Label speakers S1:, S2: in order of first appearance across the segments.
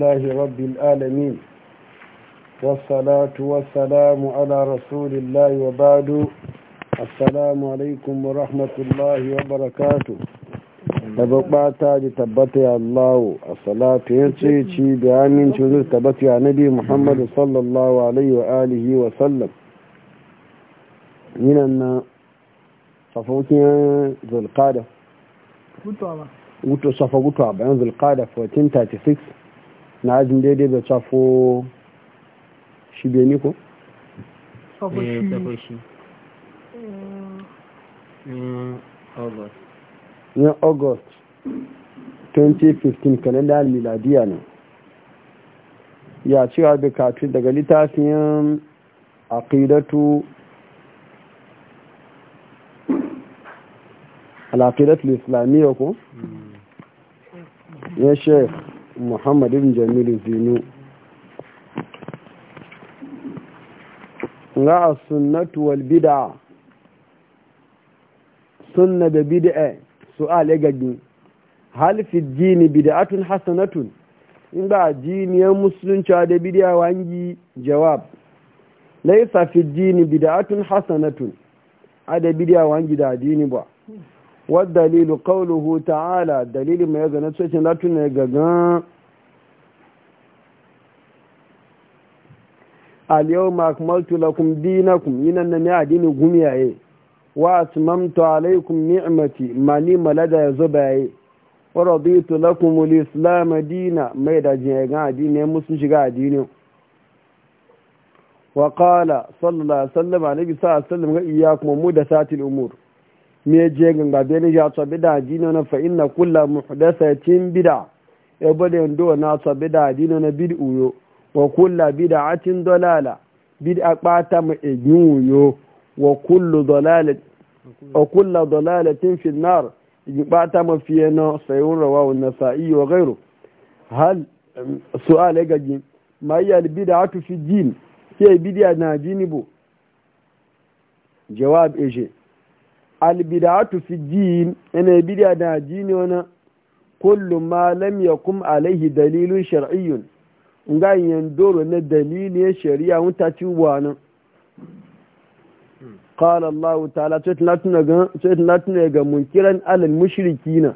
S1: الله رب العالمين والصلاة والسلام على رسول الله وبعد السلام عليكم ورحمة الله وبركاته تبقى تاج تبتي الله الصلاة ينشيشي بآمين شذر تبتي على نبي محمد صلى الله عليه وآله وسلم من أن صفوتي ذو القادة وتو صفوتها بين ذو القادة 1436 na ajin daidai da tsafo shi bai ni ko? ne eh, mm. mm, august 2015 kalendar miladiya ne ya cewa da katu daga littafin aqidatu al-aqidatu al-islamiyya ko mm. ya sheikh muhammad jamilu zinu ga a sunnatu wal bid'a sunna da bid'a su'al ya gagi hal fi dini bid'atun hasanatun in ba jiniyar musulunci da bid'a wangi jawab laisa fi dini bid'atun hasanatun da bid'a wangi da dini ba والدليل قوله تعالى دليل ما يغنى تسوشن لا تنهي تنغغان اليوم أكملت لكم دينكم من النمي دين غمياء وأتممت عليكم نعمتي ما ماني ملدى زبعي ورضيت لكم الإسلام دينا ما يدعجي يدجيغان دين مسلم شغا دينه وقال صلى الله عليه وسلم عليه الصلاة والسلام إياكم ومدسات الأمور me je ganga da ni ya tsabi da dino na fa inna kullu muhdathatin bid'a e bade ndo na tsabi da dino na bid e yo wa kullu bid'atin a bid'a qata ma ejun yo wa kullu dalalat wa kullu dalalatin fi an-nar qata e ma fiye na sayun rawa an nasa iyo gairu hal su'al e ga jin ma hiya al tu fi jin ke bid'a na jinibo jawab eje albidatu fi jin yana bidiya da jini wani kullu ma lam yakum alaihi dalilun shar'iyyun nga yin doro na Dalili shari'a wuta ci wani qala allah ta'ala tuna ga munkiran alal mushrikina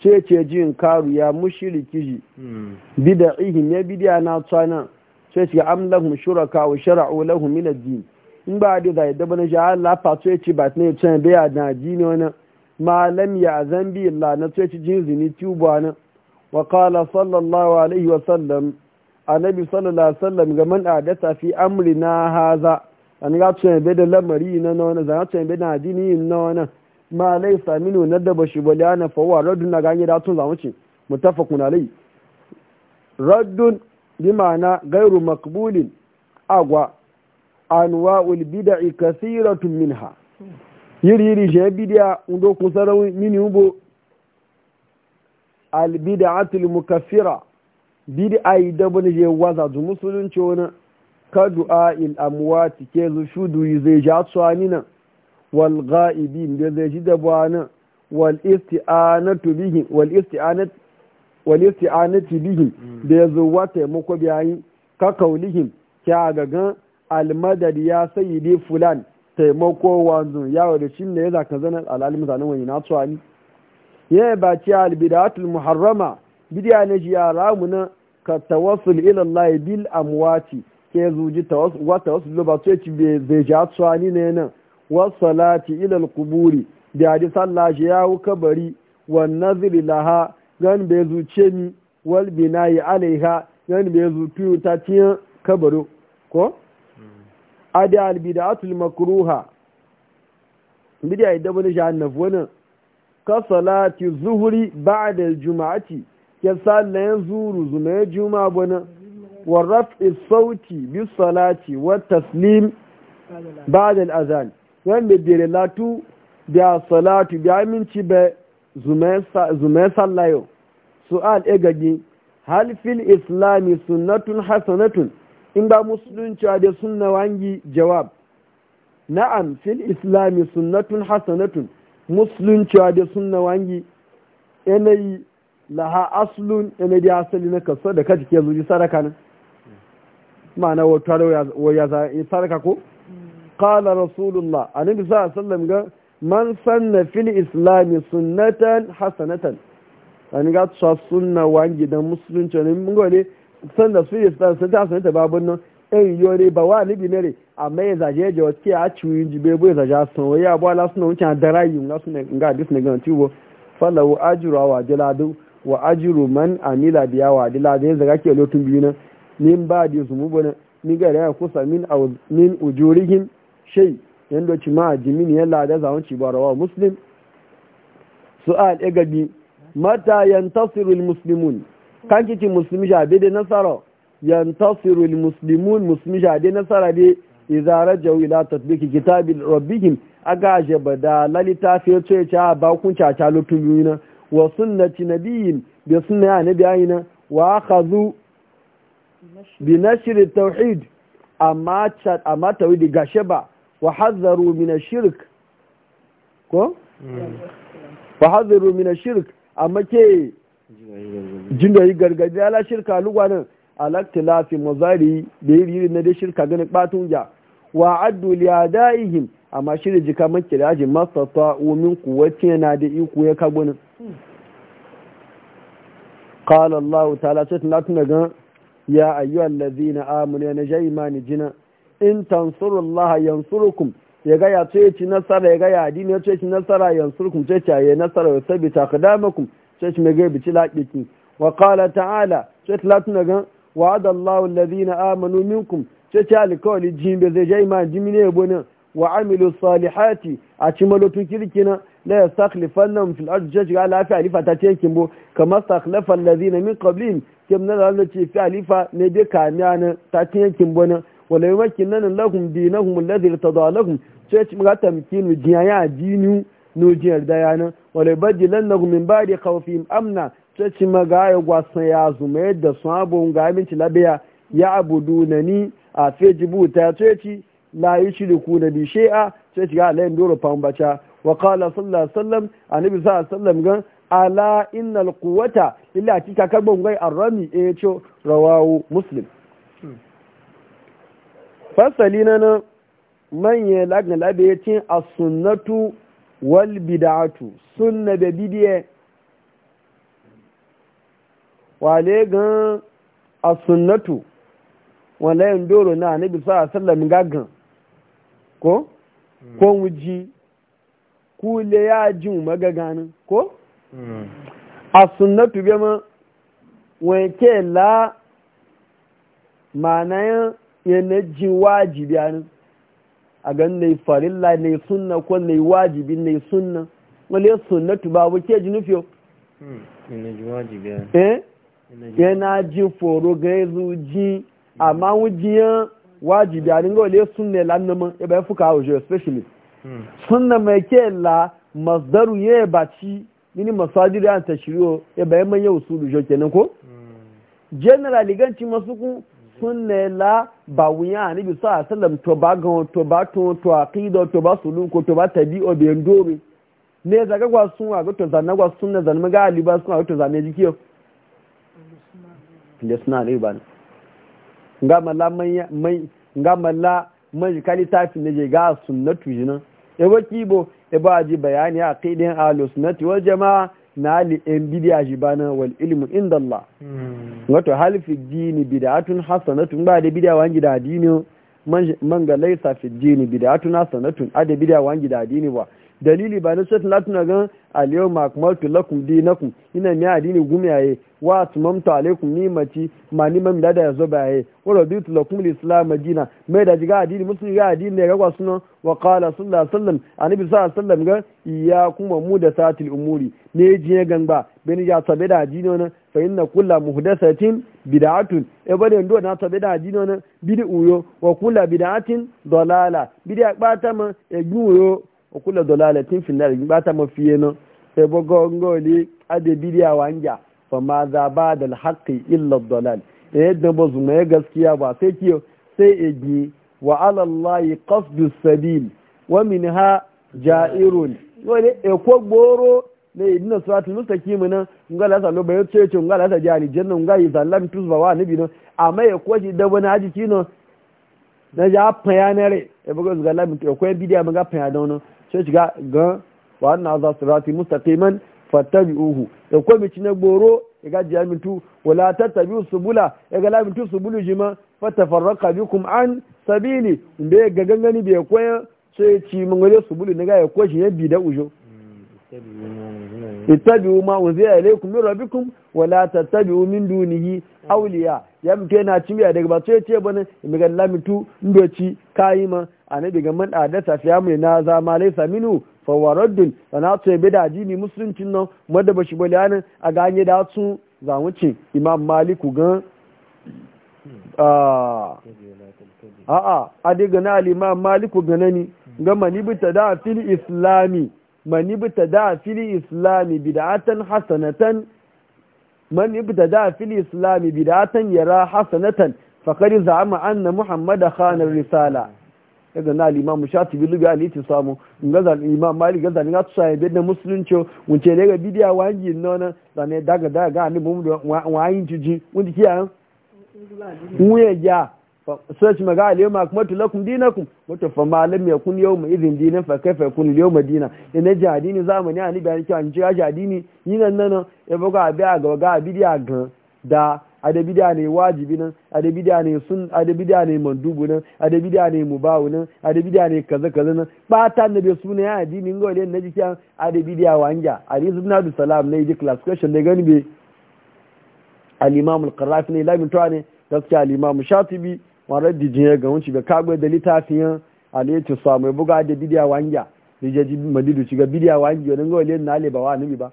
S1: ce ce jin karu ya mushriki ji hmm. bida'ihim ya bidiya na tsana ce ce am shuraka wa shara'u lahum min ad-din in ba da zai da bane ja Allah fa so yace ba ne yace da a da ji ne wannan malam ya zambi Allah na so yace jin zini tuba na wa qala sallallahu alaihi wa sallam annabi sallallahu alaihi wa sallam ga man adata fi amrina haza an ga to be da lamari na wannan zan to be da ji na wannan ma laisa minu nadda bashi balana fa wa na ganye da tun zamuci mutafakun alai raddun bi ma'ana gairu makbulin agwa anwa'ul bid'i kasiratun minha yiri yiri je bid'a undo kusarawi mini ubo al bid'atul mukaffira bid'a ida bane je waza du musulunci wani ka du'a il amwati ke zu shudu zai ja tsanina wal ghaibin de zai ji dabwana wal isti'anatu bihi wal isti'anatu wal isti'anatu bihim da yazo wata mako biyayi ka kaulihim ka gagan almadad ya sayyidi fulan taimako wanzu ya da shi ne ya zaka zanar alalim zanen wani na tsuwani ya yi ba ce albidatul muharrama bidiya na shi ya ramu na ka tawassul ila Allah bil amwati ke zuji tawassul wa tawassul ba to ci zai ja tsuwani ne nan wa salati ila kuburi da sallah shi kabari wa nazir laha gan bai zuce ni wal yi alaiha gan bai zuci ta tiyan kabaro ko adi al makruha bidiya idan wani jahannaf wani ka salati zuhuri ba'da aljum'ati ya sallayen zuru zuma juma bana wa raf'i sauti bi salati wa taslim ba'da alazan wanda bere latu da salatu bi aminci be zuma sallayo su'al egagi hal fil islami sunnatun hasanatun in ba musulunci da sunna wangi jawab na'am fil islami sunnatun hasanatun musulunci da sunna wangi yanayi laha aslun yanayi da asali na kaso da kaji ke zuji saraka nan ma'ana wata wa ya saraka ko Kala rasulullah annabi sallallahu a sallam ga man sanna fil islami sunnatan hasanatan an ga tsa sunna wangi da musulunci ne mun gode sanda su yi sun ta sun ta babun nan ɗan eh, yore ba wa libi ne re a mai zaje je ya ke a ciwo ji bai bai zaje a sun ya abuwa la suna wuce a da rayu na suna ga dis na gana ciwo falawo ajiro wa jiladu wa ajiro man a nila biya wa jiladu ya zaga ke lotun biyu nan min ba di su mubu nan min ga da kusa min min ujurihim shay yanda ci ma jimini ya lada zawon ci ba rawa muslim su'al gabi mata yantasirul muslimun kan kici musulmi jabe da nasara yantasiru almuslimun musulmi jabe nasara de izara jawi ila tatbiki kitabi rabbihim aga bada lalita fi ce cha ba kun cha cha lutubina wa sunnati nabiyin bi sunna annabi ayina wa akhadhu bi nashri tauhid amma cha amma tawhid gashe ba wa hadharu min ashirk ko mm. wa hadharu min ashirk amma ke jin da yi gargajiya ala shirka lugwanin alaktilafi mazari da yi riri na dai shirka ganin batun ya wa addu liyadaihim amma shirin jika man kiraji masata umin kuwace yana da iko ya kagunin قال الله تعالى ستناتنا غن ya ايها الذين امنوا يا na ja imani jina in الله ينصركم yaga ya ce ci nasara yaga ya adini ya ce ci nasara yansurkum ce ce ya nasara ya sabita qadamakum sai shi magai bici laƙiƙi wa qala ta'ala sai na gan wa adallahu alladhina amanu minkum sai ta alkawali jimbe zai jai ma jimine yabo nan wa amilu salihati a ci malotun kirkina la yastakhlifannahum fil ardi jaji ga lafi alifa ta ce kimbo kama stakhlafa alladhina min qablin kim na da ce fi alifa ne be kamiya na ta ce kimbo wa wala yumakkinanna lahum dinahum alladhi irtada sai ci ga tamkinu jiyaya dinu nujin yarda yana wale baji lannahu min ba'di khawfihim amna tace maga ya gwasan ya zuma yadda sun abu ga aminci labiya ya abudunani a fejibu ta tace la ku na bi shay'a tace ga alayin doro fambaca wa kala sallallahu alaihi wasallam annabi sallallahu alaihi wasallam gan ala innal quwwata illa tika karbon a arrami e cho rawahu muslim fasali na nan manye lagna labe cin as-sunnatu wal bid'atu sunna da bidiye wale gan a sunnatu wala yin doro na nabi sa sallam gagan ko ko hmm. wuji ku le ya jin magaganin ko hmm. a sunnatu bi ma ke la ma'ana yana jin wajibi anin a gan ne farilla ne sunna ko ne wajibi ne sunna wale sunnatu ba wuke ji nufiyo hmm, eh? yana ji foro ga yanzu ji amma wujiyan wajibi a ringa wale sunna e ya lannama ya bai fuka wajen especially hmm. sunna mai ke la masdaru ya yi baci mini masajiri an tashiriyo e ya bai manyan usulu jo kenan ko hmm. generally ganci masu kun sunna la ba wuya bi sa sallam to ba ga to ba to to aqida to ba sulu ko to ba tabi tabi'o be ndore ne zaga gwa sun ga to zanna gwa sunna mi ga ali ba sun ga to zanne kiyo le sunna ne ba nga mala mai mai nga mala mai kali ta tafi ne je ga sunnatu jina e waki bo e ba ji bayani aqidin ahlus sunnati wal jamaa na li en bidiya jibana wal ilmu inda Allah hmm. wato halifi dini bid'atun hasanatun ba da bid'a wangi da dini man ga laisa fi dini bid'atun hasanatun da bid'a wangi da dini ba dalili ba na sai latin na gan aliyu makmaltu lakum kun ina mi adini aye wa atmamtu alaikum ni mati ma ni mam da da yazo baye wa raditu lakum islam madina mai da jiga adini musulmi ga adini ne ga kwasuno wa kala sallallahu alaihi wasallam annabi sallallahu alaihi wasallam ga kuma mu da satil umuri ne ji gangba bani ya tabe da adini wannan fa inna kulla muhdathatin bid'atun e bani ndo na tabe da adini wani bidi uyo wa kulla bid'atin dalala bid'a kpata ma e uyo. okula dalalatin fi nar ba ta fiye mafiye nan sai bugo ngoli adabiri a wanja fa ma za ba da alhaqi illa dalal da yadda ba zuma e gaskiya ba sai kiyo sai egi wa ala allah qasdu sabil wa minha ja'irun wani ko gboro ne idina suratul mustaqim nan ngala sa lo bayo cece ngala sa jani janna ngai zalam tus ba wa nabi no amma ko ji da na haji kino na ja faya na e bugo zgala ko ekwo bidiya maga faya da wono sai shiga ga wa anna za sirati mustaqiman uhu ya ko ci na goro ya ya mintu wala tattabi'u subula ya ga su subulu jima fatafarraqa bikum an sabili inda ya ga gangani bai kwaya sai ci mangare su subulu na ga ya ko ya bi da ujo ittabi'u ma unzila ilaykum min rabbikum wa la tattabi'u min dunihi awliya yam kena cimiya daga ba sai ce bane mi ga lamitu ndoci kayima annabi ga man ta fiya mai na zama laysa minu fa waraddun wa na ce bida jini musuncin nan madda bashi baliyanin a ganye da su zamuci imam maliku gan a adiga na al'imam maliku ganani gama ni bi tada fil islami man ibtada في الإسلام bid'atan حسنة من ibtada في الإسلام bid'atan yara حسنة فقد زعم أن muhammada خان risala daga na limamu bi lubi ti samu ngaza imam mali gaza ni musulunci wunce daga bidiya wangi nona zane daga daga ni bumu da ya. sai maga aliyu ma kuma tulakum dinakum wato fa malam ya kun yau mai izin dinin fa kai fa kun yau madina ina jadini zamani ani bayan kiwa ni jira jadini yinan nan ya buga abi a ga ga abi a gan da adabi da ne wajibi nan adabi da ne sun adabi da ne mandubu nan adabi da ne mubawu nan adabi da ne kaza kaza nan bata na bai suna ya addini ngo le na jikin adabi da wanja ali ibn abdul salam ne ji classification da gani be al-imam al-qarafi ne lamin to ne gaskiya al-imam shatibi warar jijiyar ga wunci ga kagwe da littafiyan alayyacin samu ya buga da bidiya wanja da jaji madidu ga bidiya wanja wani gole na ale ba wa nabi ba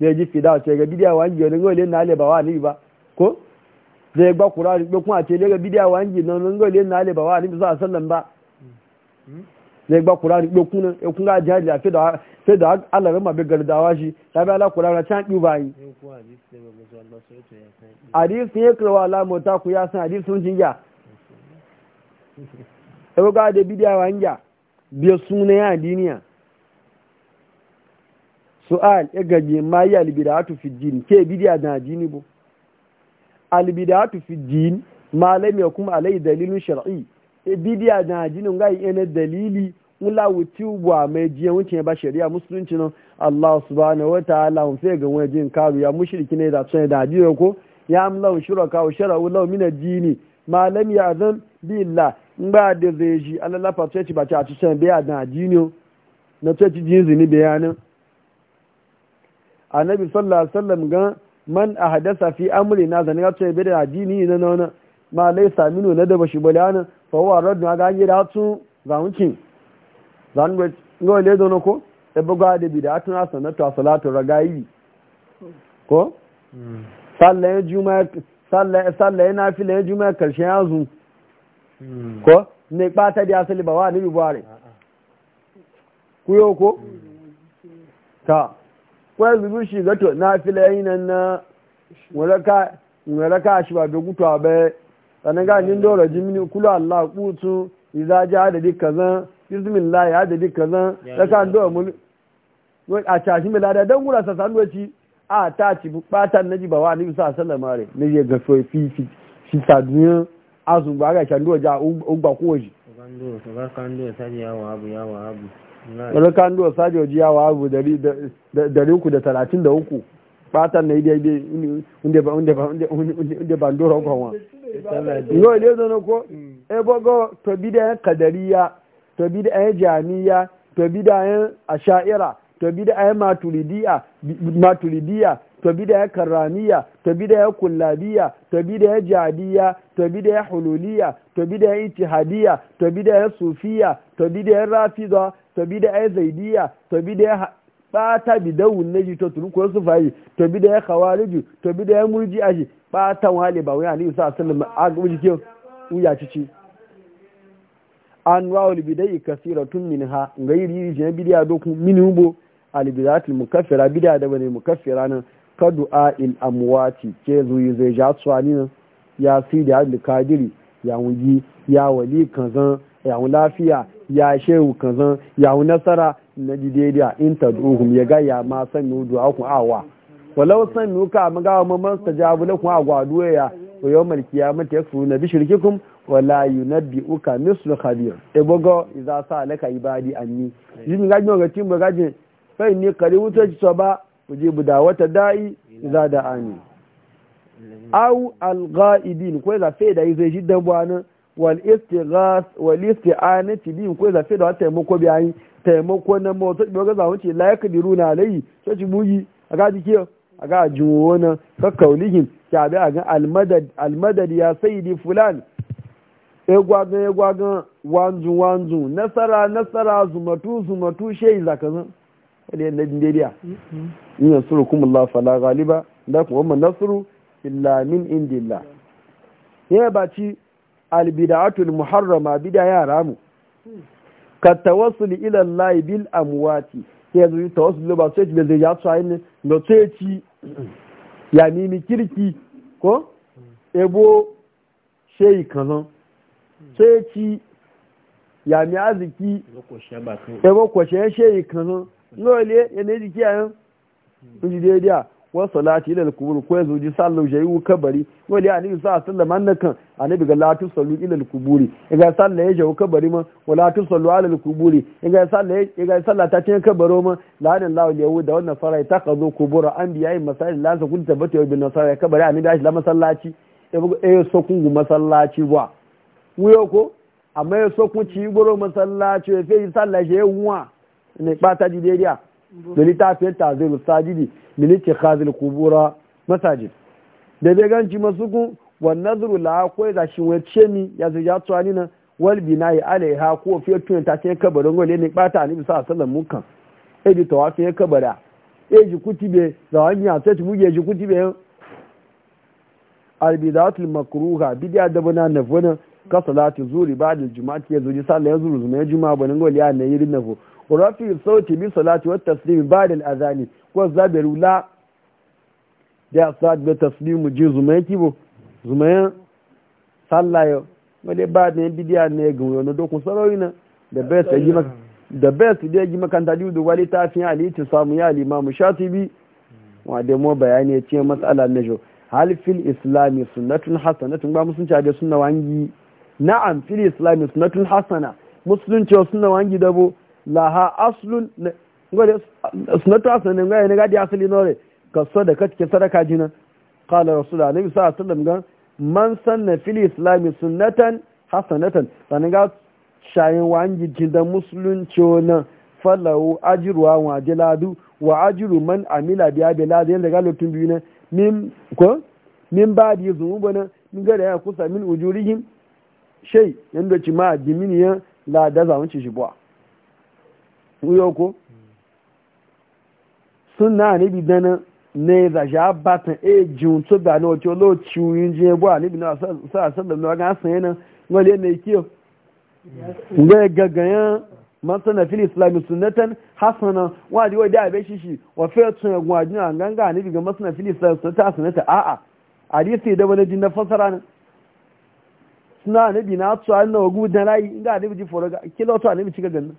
S1: zai ji fida ce ga bidiya wanja wani gole na ale ba wa nabi ba ko zai gba kura da kuma ce daga bidiya wanja na wani gole na ale ba wa nabi sa sallan ba zai gba kura da kuma ya kun jihar da fi da fi da Allah rama bai gardawa shi ta bi Allah kura na can duba yi hadisi ne ya kawo alamu ku ya san hadisi sun jinja ɗauka da bidiyar wanja biya suna ya duniya su'al ya e gaji ma yi albidatu fi jin ke bidiyar na jini bu albidatu fi jin ma kuma alai dalilin shar'i e bidiyar na jini ga ina dalili wula wuti wa mai jiya wuce ba shari'a musulunci nan Allah subhanahu wataala mun sai ga jin karu ya mushriki ne da a da jiya ko ya wa shuraka wa shara'u law min ad jini ma zan bi ngba da zai ji alalafa tsoci ba ta ci can biya da adiniyo na tsoci jinzi ni bayanin annabi sallallahu alaihi wasallam ga man ahdasa fi na zan ga tsoci biya da adini na nona ma lai saminu na da bashi balanin fa wa raddu ga yi da tun zamuki zan ga ngo le dono ko e buga da bid'a tun asanatu salatu ragayi ko hmm. sallah juma'a sallah sallah na fi juma'a karshen yazu Hmm. ko ne ta da asali ba wa ni ku kuyo ko ta kwaya bi shi gato na fila yi nan na waraka shi ba bai gutuwa bai sannan ga nin dora jimini kula Allah kutu iza da dik kazan bismillah ya adadi kazan do mu ko a shi mai lada dan gura sa ci a ta ci bu patan ji ba wa ni sa sallama re ne ga so fi duniya azùngbà rẹ̀ ṣàndó ọjà ogbà kó òjì ọlọ́kàndó ọ̀sájì ya yàwó abu dari uku da talatin da uku patan na ide ide inda bandora ọkọ̀ wọn yóò ilé zana ko ebogo kadariya to jamiya to asha'ira to maturidiya to ya karramiya to ya kullabiya to ya jadiya to ya hululiya to ya itihadiya to ya sufiya to ya rafida to ya zaidiya to bidaya bata da naji to turko su fayi to ya khawariju to bidaya murji'aji bata wale ba wani ali sallallahu alaihi wasallam a uya cici anwa'ul bidai kasiratun minha ngayri rijin bidiya doku min hubo al bidatul mukaffira bidiya da bane mukaffira nan ka du'a il amwati ke zuyi zai ja tsani ya fi da hadu kadiri ya wuji ya wali kanzan ya lafiya ya shehu kanzan ya nasara na jidediya in ta tad'uhum ya ga ya ma sanu du'a ku awa walau sanu ka magawa mamman stajabu lakum agwa duya wa mata ya suna bi shirkikum wala yunabbi'uka mislu khabir e bogo sa laka ibadi anni yin ga nyoga gajin fai ni inni wuto ci so ba ujibu wata da'i za da ani au alga'ibin ko za fe da zai shi dan bwana wal istighas wal isti'anati bin ko za fe da taimako bi ayi taimako na mota bi ga zawo ce di runa alayhi so ci buyi aga a aga juwo na ka kaulihim ya bi aga almadad almadad ya sayyidi fulan egwagan egwagan wanzu wanzu nasara nasara zumatu zumatu shei zakazan wani na Nigeria in yansuru kuma Allah fala galiba da kuma wannan nasru illa min indillah ya ba ci albida'atul muharrama bida ya ramu ka tawassul ila Allah bil amwati ya zo tawassul ba sai da zai ya tsaye ne da sai ci ya nimi kirki ko ebo sheyi kanan sai ci ya mi aziki ebo kwashe sheyi kanan lole ya ne jiki yayin kuji hmm. dai a wasu salati ila kubur ko yanzu ji sallu jayi wu kabari lole a nabi sa sallama annakan annabi ga latu sallu ila kuburi e ga sallah e ya jawu kabari ma wa latu sallu ala kuburi e ga sallah ga sallah ta cin kabaro ma ladan lahu yahu da wannan farai ta kazo kubura anbiya'i masail la sa kun tabbata bin nasara kabari annabi ya shi masallaci ya so kungu masallaci wa wuyo ko amma ya so kun ci goro masallaci ya fi sallah ya wuwa ne bata ji ta fiye da littafin tazilu sajidi miliki khazil kubura masajid da bai ganci masu kun wannan zuru la akwai da shi wace mi ya zai ya tsuwa nina wal binayi alaiha ko fiye tuyan ta ce kabarin gole ne bata ni bisa sallan mukan eji tawafin ya kabara eji kutibe da wani ya sai ji eji kutibe albidatul makruha bidiya da bana nafwana ka salati zuri ba da juma'a ke zuji sallan zuru zuma juma'a banin gole ya na yirin nafo rafi sauti bi salati wa taslimi ba'da al-azani ko zabiru la da sa'ad taslimu ji zumayen kibo zumayen sallayo wale ba ne bidiya ne ga dokun sarori na da bai ta yi maka da best da yi makanta liyu da wali tafin aliti samu ya limamu shatibi wa da mu bayani ya ce matsala na jo hal fil islami sunnatun hasanatun ba musulunci da sunna wangi na'am fil islami sunnatun hasana musulunci wa wangi dabo laha aslun ngode sunatu aslun ngaye ne gadi asli nore ka sadaka ke sadaka jina qala rasulullah nabi sallallahu alaihi wasallam ga man sanna fil islam sunnatan hasanatan dan ga shayin wangi jinda musulunci na falahu ajru wa jaladu wa ajru man amila biya bilad yanda galo tun biyu na min ko min ba di ne min ga da ya kusa min ujurihim shay yanda ci ma jiminiya la da ci shi buwa wuyo ko suna níbi dáná ní ìdàṣà bàtàn èjìun tó gbà náà tí olóòtú yìí jẹ́ níbi náà sọ́rọ̀sọ́rọ̀ ní ọgá sàn yẹn náà wọ́n lé ní ikí o ǹgbẹ́ gàgàyàn masana fili islami sunnatan hasana wa diwa da abe shishi wa fe tun egun ajin anganga ni biga masana fili islami sunnatan hasanata a a hadisi da wani na ci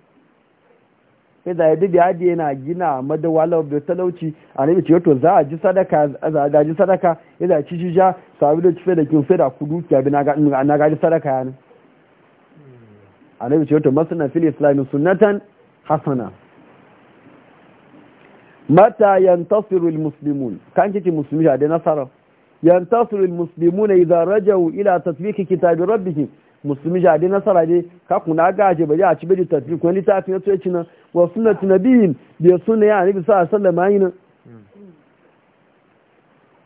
S1: sai da yadda ya da yana gina madawala da talauci a nabi ce to za a ji sadaka za a gaji sadaka ya da ci jija sabi da cife da kin da kudu kiya bi na gaji sadaka ya ne a nabi ce to masana fili islamin sunatan hasana mata yantasiru muslimun kan kici musulmi da nasara yantasiru muslimun idza rajau ila tasbiki kitabi rabbihim musulmi jade nasara dai ka na gaje bari a ci bari tafi tafi na yato yaci nan wa sunnatu nabiyin bi sunna ya nabi sallallahu alaihi wasallam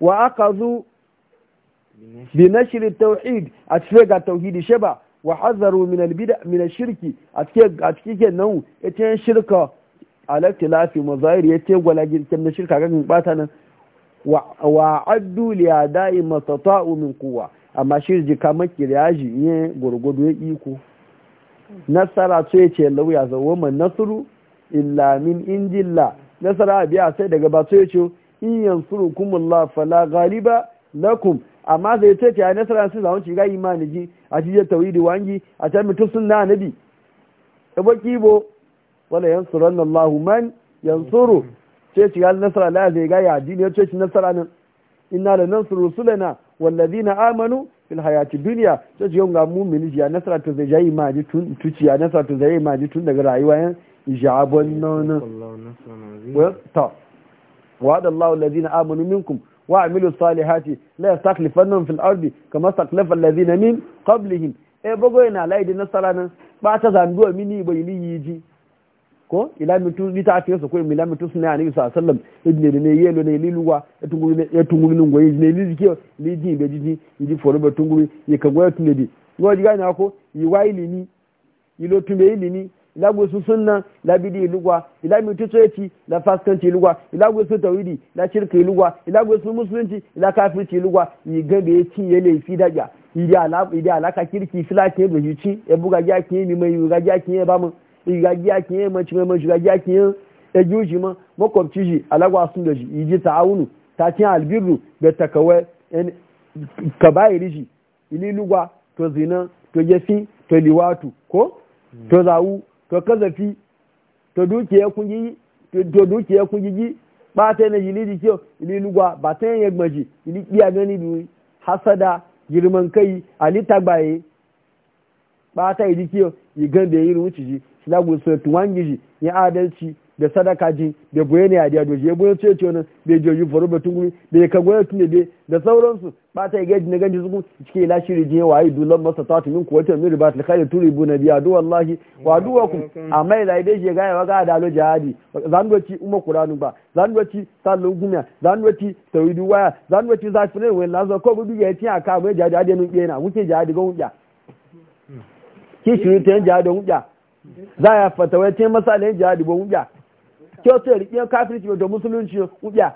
S1: wa aqazu bi nashr at-tauhid a cikin ga tauhidi sheba wa hadharu min al-bid'a min ash-shirki a cikin a cikin nan ita e shirka alaktilafi mazahiri yace e gwala girkin e na shirka ga bata nan wa addu li adai matata'u min quwwa amma shi ji kama kiriyaji ne iya ya iko nasara to ya ce lauya sa woman nasuru illa min injilla nasara biya sai daga ba to ya ce in yansuru kumullah fala galiba lakum amma sai ce ya nasara sun zaun ci ga imani ji a cije tawhidi wangi a ta mutu na nabi da e baki bo wala yansuranna allah man yansuru ce ci ga nasara la zai ga ya ji ne ce ci nasara nan inna lanansuru rusulana wallazina amanu fil hayati dunya to ji yonga mu'mini ji nasara to zai yi maji tun tuci nasara to zai maji tun daga rayuwa yan eh? jabon nan wa ta wa'ada Allahu amanu minkum wa amilu salihati la yastaklifannahum fil ardi kama staklafa allazina min qablihim e bogo yana laidi nasara nan ba ta zanduwa mini bai liyi ji ko ila mitu ni ta fi su ko ila mitu suna ani sa sallam ibne ne yelo ne liluwa etungu ne etungu ni ngoyi ne lizikio liji be jiji ji foro be tungu ni ka goya tunde di ngoji ga na ko iwa ili ni ilo tunde ili ni ila go su sunna la bidi iluwa ila mitu so eti la fastan ti luwa ila go su tawidi la shirki luwa ila go su musulunci ila ti luwa yi gabe ti yele fi daga idi ala idi ala ka kirki filake do yuci e buga ja ki mi mai buga ja ki e ba mu igagi a kiyan manci mai manci igagi a kiyan egiyu ma makwabci shi alagwa sun da shi iji ta'awunu ta kiyan albiru da takawa kabayiri shi ililugwa to zina to jefi to liwatu ko hmm. to zawu to kazafi to dukiya kungi to dukiya kungi ba ta yana jini jiki ililugwa ba ta yana gbaji ili biya gani duri hasada girman kai alitagbaye tagbaye ba ta yi jiki igan da yi rumu ciji lagu sotu gizi ya adalci da sadaka ji da goye ne a da doji ya boye ce ce bai joji faru batun gumi da ya kagwaya tun da da sauransu ba ta gaji na ganji suku cike ila shiri jin wa yi dulan masa ta tumin kuwa ta kai da turi bu na biya duwa wallahi wa duwa ku mai ila dai je gaya waga da alo jihadi zan doci umar qur'anu ba zan doci sallu gumiya zan doci tawidu waya zan doci zafirin wani lazo ko budu ya tiya a kawai jihadi adenun na wuce jihadi ga hujja ki shiru yin jihadi hujja za a fata wai masu alayin jihadi ba wuya kyoto ya riƙe kafirci da musulunci wuya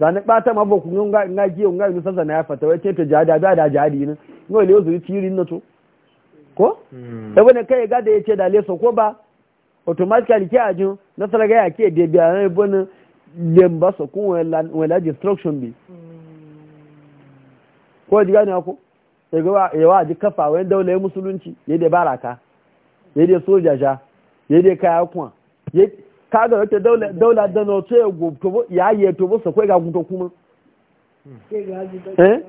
S1: zane ɓata ma boku nga nga giye nga yi nusansa na ya fata wai ta jihadi a da jihadi ne nga ile yau tirin na to ko hmm. da wani kai ga da ya ce da leso ko ba automatically ke ajin na ga ya ke da biya na bani lemba so kun wala destruction bi ko ji ne ko, sai ga a ji kafa wani daular musulunci ya da baraka. ya dai soja ja ya dai kaya kuma ka ga wata daula da na wato ya yi ya tobo sa kwai ga kunto kuma eh?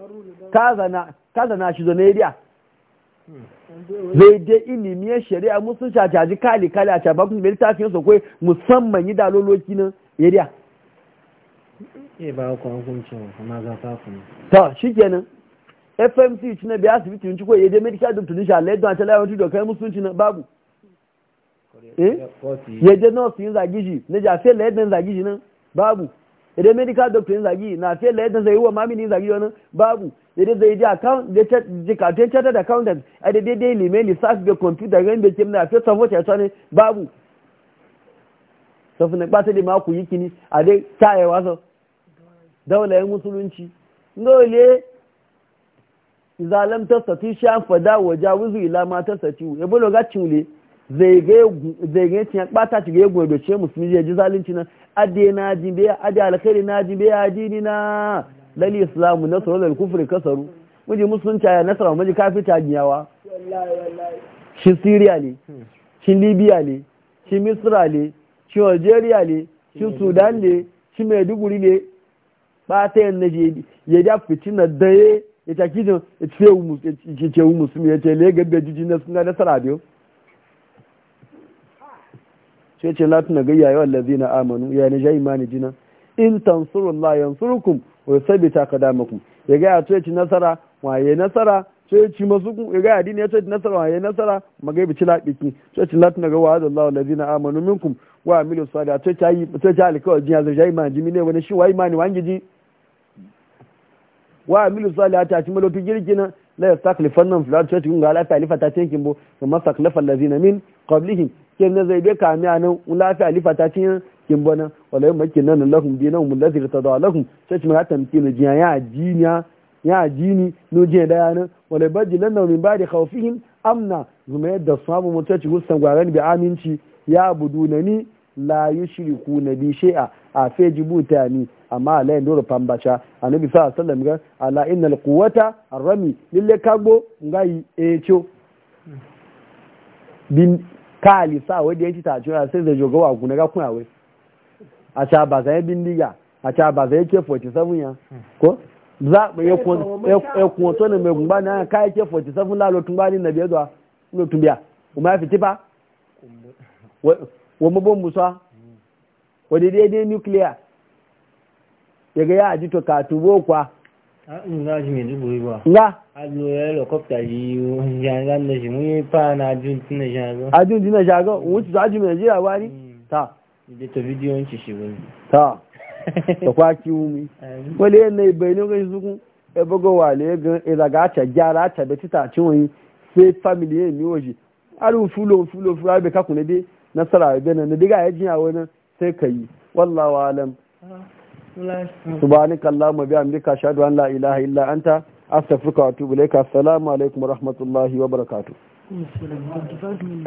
S1: ka zana shi zo na ya zai dai ilimi ya shari'a musun shacaji kali kali a shabakun mai littafin sa kwai musamman yi daloloki na ya eh, ba ku hukuncin kuma za ta kuma ta shi kenan fmc ci na biya asibiti yin ciko yadda medical doctor ni shalai don ta layon tudu kai musulunci na babu eh? yadda nurse yin zagi shi na ja fe laye dan zagi shi nan babu yadda medical doctor yin zagi na fe laye dan zai wa mami ni zagi nan babu yadda zai je account da je carton chartered accountant a da daidai limai lissafi da computer gan da kim na fe safo ta ne babu safi na ɓata da maku yi kini a dai ta yawa sau daular musulunci ngole iza lam tasati shan fada wa jawuzu ila ma tasati ya bolo ga cinle zai ga zai ga tiyan bata ci ga gwe doce musulmi ya ji zalunci na ade na ji be ade alkhairi na ji be ajini na lali islamu nasru lal kufri kasaru muji musulunci ya nasara muje kafita giyawa shi Syria ne shi Libya ne shi Misra ne shi Algeria ne shi Sudan ne shi Maiduguri ne ba ta yin na je ya fitina daya. ita kijin ce wu musulmi ya ce lagos da jiji na suna da saradiyo sai ce latin na gayya yawan na amanu ya ne ja imani jina in tansurun la yansurukum wa sabita qadamakum ya gaya ce ci nasara waye nasara ce ci masu kun ya gaya din ya ce nasara waye nasara magai bi ci biki ce ci latin na ga wa Allah na amanu minkum wa amilu salihati ce ta yi sai ta alkawari jina zai ja imani jimi ne wani shi wa imani wangi ji wa amilu salihati ati cikin malotu girgina la yastaklifan nan fular cewa tun ga lafiya alifa ta cikin bo da masaklafan lazina min qablihim kin na zai be kami a nan lafiya alifa ta tin kin bo nan wala yamma kin nan lahum dinan mun lazira tadaw lahum sai cikin ha tamkin jiya ya jinya ya jini no je da yana wala lan nan min ba'di khawfihim amna zuma yadda sabu mutaci gustan gwaran bi aminci ya budunani la yushriku nabi shay'a a fejibuta ni amma ala yin dole fambacha annabi sa sallam ga ala innal quwwata arami lille kagbo ngai echo bin kali sa wadi yanci ta jira sai da jogawa gune ga kuna we a cha ba zai bindiga a cha ba zai ke 47 ya ko za ba ya kun ya kun to ne me gumba na kai ke 47 la lo tumba ni na biya do lo tumbiya kuma fi tipa wa mabon musa wa daidai nuclear ya ga ya ji to ka tubo kwa ah, nga ji mi dubu ibo nga alu helicopter yi yanga ne ji mu pa na ajun tin jago ajun tin jago wo ti ajun mi jira wa ni hmm. ta ide to video n chishi wo ta to kwa ki umi wo le ibe ni e ga izukun e bogo wa le gan e e mi oji subhanaka allahumma bihamdika ashhadu an la ilaha illa anta astaghfiruka wa atubu ilaika assalamu alaikum wa rahmatullahi wa barakatuh